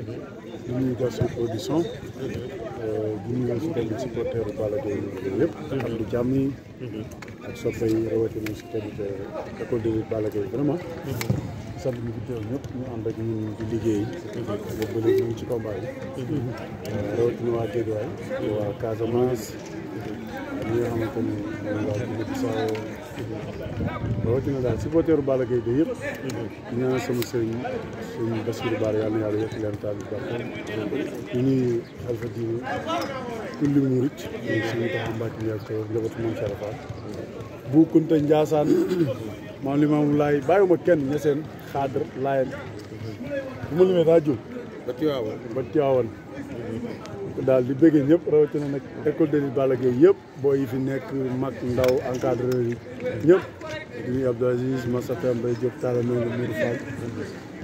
di nuyu Gaston production di euh, nuyu fidèle supporteru Balla Gaye yëpp ak am di jàmm yi ak soppe yi rawatina si tamit école de lutte Balla Gaye vraiment sant ñu fi teew ñëpp ñu ànd ak ñun di liggéey boobu ba léegi ci combat euh, rawatina waa Guédiawaye waa Casamance ñi nga xamante ni waa Guinée Bissau rawatina daal supporteeru Balla Gaye de yëpp ñu ñaanal sama sëriñ suñu Bassirou Bara yàlla na yàlla yokk leen taal bi barke ñu nuyu xalifa diine kulli murit ñu suñu taxaw mbàcc ñu ak njabootu moom Sarafa bu Kunta Njaasaan maam li maam laay bàyyiwuma kenn ñeseen xaadar laayeen bu ma limee daa jóg ba Tiwaawan ba Tiwaawan dal di bëggee ñëpp rawatina nak école de lutte yëpp boy yi fi nekk mak ndaw encadreur yi ñëpp duñuy Abdou Aziz Massata Mbaye Diop Talla Mbengue mur Fall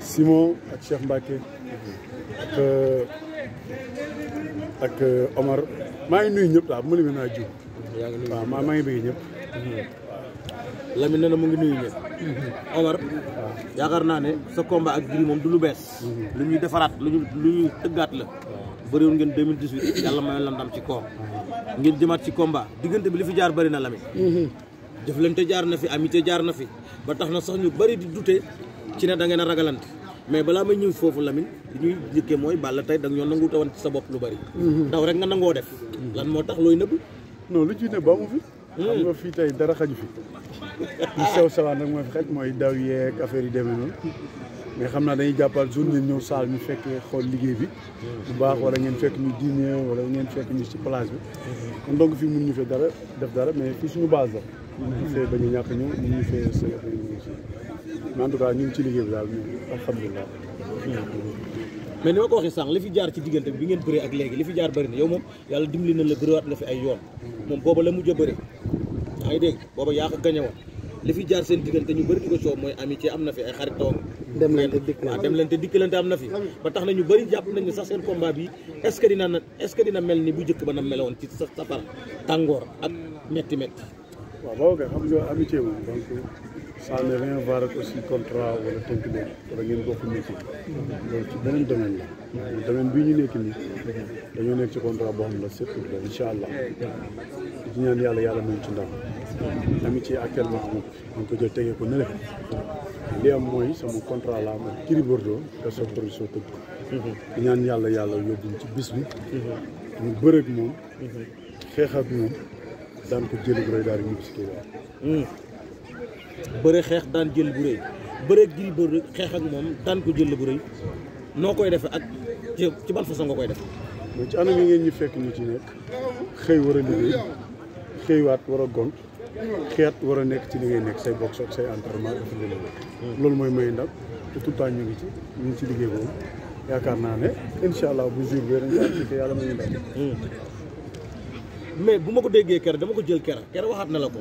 Simon ak Cheikh Mbacké ak euh, ak euh, Omar maa ngi nuyu ñëpp daal mu limi naa jiw waaw maa ma ngi bëggee ñëpp Lamine na mo ngi nuyu ñëpp mm-hmm. Omar yaakar na ne sa combat ak Gris mom du lu bees mm-hmm. lu ñuy defarat lu ñuy teggat la bëriwoon ngeen 2018 yàlla mayoon la ndam ci koom ngeen jëmaat ci combat diggante bi li fi jaar bari na Lamine mhm. jëflante jaar na fi amité jaar na fi ba tax na sax ñu bëri di dute ci ne da ngeen a ragalante mais balaa may ñëw foofu Lamine li ñuy njëkkee mooy Balla tey da nga ñoo nangu tawan ci sa bopp lu bëri mhm. ndaw rek nga nangoo def lan moo tax looy nëbb non lu ci ne ba mu fi hmm. xam fii tey dara xaju fi ñu sew sawaan rek moo fi xaj mooy daw yeeg affaire yi demee mais xam naa dañuy jàppal jour ngeen ñëw saal ñu fekk xool liggéey bi bu baax wala ngeen fekk ñu dîner wala ngeen fekk ñu ci plage bi kon donc fii mun ñu fee dara def dara mais fii suñu base la dem leen te dikk waaw dem leen te dikkalante am na fi ba tax na ñu bëri jàpp nañu sax seen combat bi est ce que dina est ce que dina mel ni bu njëkk ba na meloon ci sa safara tàngoor ak metti metti waaw boo ko xam nga amitié moom donc ça aussi contrat wala tënk leen ngeen bokk métier loolu ci beneen domaine la domaine ñu nekk nii dañoo nekk ci contrat boo xam ne c'est pour la allah di ci ñaan yàlla yàlla nañ ci ndam amitié actuellement moom dañ ko jël tegee ko nële li am mooy sama contrat la moom Gris Bordeaux te sa production ñaan yàlla yàlla yóbbuñ ci bis bi ñu bërëg moom xeex ak moom daan ko jël bu rëy daal ñibbi si kii bëre xeex daan jël bu rëy bëre Gris Bordeaux xeex ak moom daan ko jël bu rëy noo koy defee ak ci ban façon nga koy def mais ci anam yi ngeen ñu fekk ñu ci nekk xëy war a liggéey xëywaat war a gont xeet war a nekk ci li ngay nekk say box ak say entraînement ak loolu mooy may ndam te tout le ñu ngi ci ñu ngi ci liggéey boobu yaakaar naa ne incha allah bu jour bi dañu ko yàlla may ndam. mais bu ma ko déggee ker dama ko jël ker kera waxaat na la ko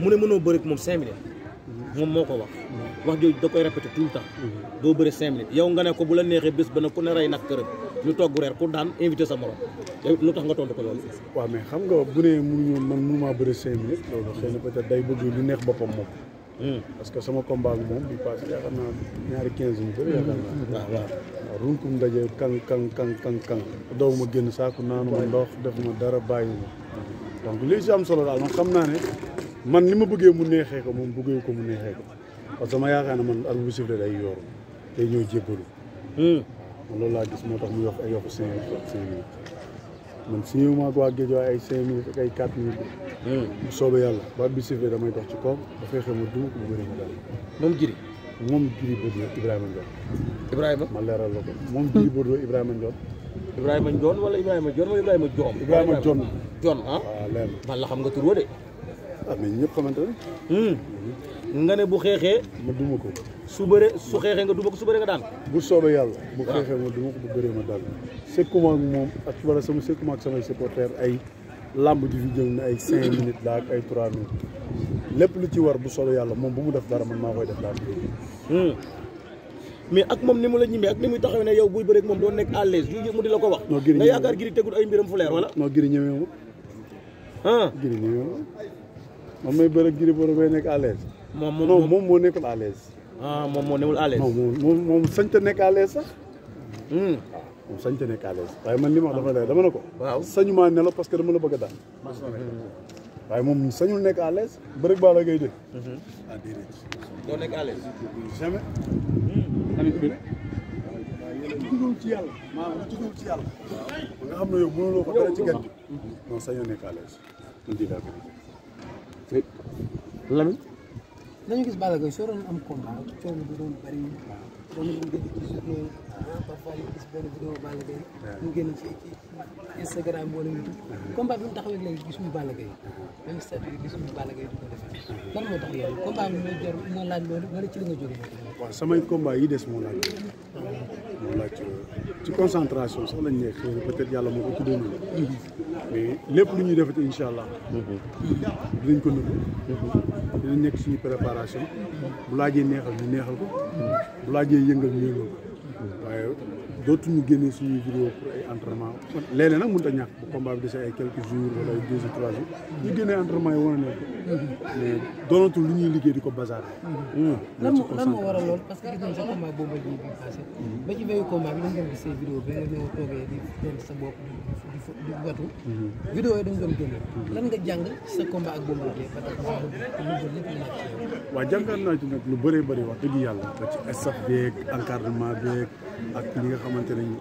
mu ne mënoo bari moom cinq mm-hmm. moom moo ko wax. Mm-hmm. wax joj da koy répéter tout temps do beure 5 minutes yow nga ne ko bu la nexé bés ba ne ku ne ray nak këram ñu togg reer ku daan inviter sa morom lu tax ya, nga tontu ko lool wa mais xam nga bu mu ñu man mu ma beure 5 minutes loolu xëy na peut être day bëgg lu nex bopam mom hmm. parce que sama combat bi moom bi passé yaakaar naa ñaari quinze yu ya yaakaar naa wa waaw waaw runkum daje kang kang kang kang kang daw ma génn saaku naanu ma ndox def ma dara bayyi ma donc li ci am solo dal man xam na ne man ni ma bëggee mu neexee ko moom bëggee ko mu neexee ko parce que ma yaakaar ne man al bu sifle day yooru day ñëw jébbalu hmm. man loolu laa gis moo tax mu yokk ay yokk cinq mille ak cinq mille man signé wu ma ak waa ay cinq mille ak ay quatre mille hmm. soobee yàlla ba bi sifle damay dox ci kaw ba fexe ma dugg bu bëri ma moom Gris moom Gris Bordeaux Ibrahima Ndione Ibrahima ma leeral la ko moom Gris Bordeaux Ibrahima Ndione Ibrahima Ndione wala Ibrahima Ndione wala Ibrahima Diom Ibrahima Diom Diom ah waaw leer man la xam nga tur de ah mais ñëpp xamante nga ne bu xexé mu duma ko su bëree su xexé nga duma ko su bëree nga dal bu soobee yalla bu xexé mu duma ko bu bëree ma dal c'est sekkuma ak mom ak wala sama c'est sekkuma ak sama supporter ay lamb ji fi jël na ay 5 minutes la ak ay 3 minutes lepp lu ci war bu soobee yalla mom bu mu def dara man ma koy def dal hmm mais ak mom ni mu la ñimee ak ni muy taxaw ne yow buy ak mom do nek à l'aise yu mu di la ko wax nga yaakar giri tegul ay mbiram fu leer wala non giri ñëmee ma hmm ah. giri ñëmee ma man may bëreeg giri boro bay nekk à l'aise moom moom moom moo nekkul à ah moom moo newul à l'aise. moom moom moom sañ te nekk à l'aise sax. waaw moom sañ te nekk à l'aise waaye man li ma wax dafa ne dama ne ko. waaw sañu maa nelaw parce que dama la bëgg a daan. waaye moom sañul nekk à l'aise bëri baala ngay def. Mhm. ah déedéet. nek nekk à l'aise. jamais. tamit bi. duggul ci yàlla maanaam duggul ci yàlla. ba nga xam ne yow mënuloo ko dara ci gan non sañoo nekk à l'aise. nañu gis Balla Gaye soo doon am combat coono bi doon bëri doon nañu gis ah, mu génn ci Instagram wala YouTube mm-hmm. mu taxawee léegi gisuñu Balla Gaye mm-hmm. même statut gisuñu Balla Gaye du mm-hmm. moo tax loolu combat bi moo jar moo laaj loolu wala ci li nga jógee samay combat yi des moo laaj moo laaj euh, ci concentration soo lañ nekk peut-être yàlla moo ko tuddoon mais lépp lu ñuy defati incha allah. dinañ ko nëbbu. dinañ nekk suñu préparation bu laajee neexal ñu neexal ko bu laajee yëngal yëngal ko waaye. dootuñu génne suñuy vidéo pour ay entraînement léeg-léeg nag mënut a ñàkk bu combat quelques jours voilà deux ou trois jours ñu génne entraînement yi wane ne mais doonatul lu ñuy liggéey di ko bazar hmm. Hmm. lan moo waral lool parce que gis nañ sa combat boobu ji bi passé hmm. ba ci veyu combat bi dañ doon vidéo ba nga di dem sa bopp di watu vidéo yi dañ doon génne lan nga combat ak boobu ji ba tax ci lu bëree bëri wax dëgg yàlla ci encadrement ak ñi nga xamante ne ñi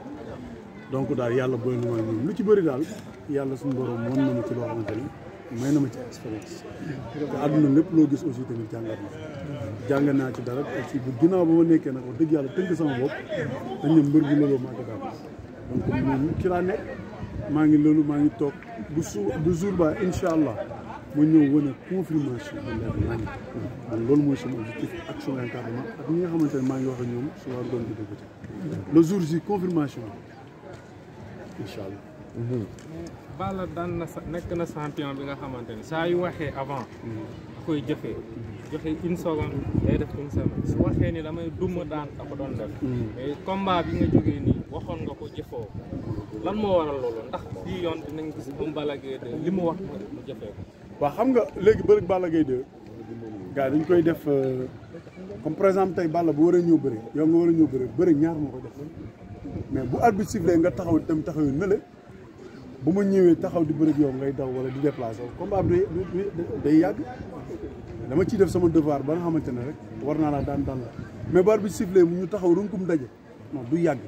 donc daal yàlla booy na ma ñoom ci bëri daal yàlla suñu borom mën na ci loo xamante ni may na ma ci expérience te àdduna lépp loo gis aussi tamit jàngat jàng naa ci dara aussi bu ginnaaw ba nekkee nag wax dëgg yàlla tënk sama bopp dañ ne mbër bi loolu maa moom ngi loolu maa ngi toog bu su bu jour ba allah ma ñëw wane confirmation bi leer loolu mooy sama objectif ak sama encadrement ak ñi nga xamante ne maa ngi wax ak ñoom su war doon di dugg le jour ji confirmation incha allah. Mhm. Balla daan na nekk na champion bi nga xamante ne saa yu waxee avant. Mhm. da koy jëfee. Mhm. joxe une seconde day def une semaine su waxee ni damay duma daan da ko doon def. mais combat bi nga jógee nii waxoon nga ko jëfoo lan moo waral loolu ndax bii yoon dinañ gis ba Balla Gaye 2 li mu wax mu jëfee ko. waaw xam nga léegi bëri Balla Gaye 2 gars dañ koy def. Euh, comme par exemple tey Balla bu war a ñëw bëri yow nga war a ñëw bëri bëri ñaar moo ko def mais bu arbitre sifflé nga taxaw itam taxaw nële bu ma ñëwee taxaw di bëri yow ngay daw wala di déplacé combat bi day day yàgg dama ciy def sama devoir ba nga xamante ne rek war naa laa daan daan la mais bu arbitre sifflé mu ñu taxaw runkum daje non du yàgg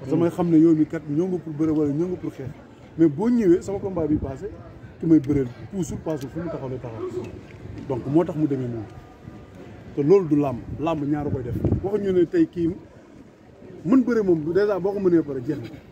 parce que xam ne yow mi kat ñëw nga pour bëri wala ñëw nga pour xeex mais boo ñëwee sama combat bi passé ki may bëreel puusul paasul fu mu taxaw la taxaw donc moo tax mu demee noonu te loolu du làmb làmb ñaar koy def ñu ne tey kii mën bëre moom déjà boo ko mënee pare jeex na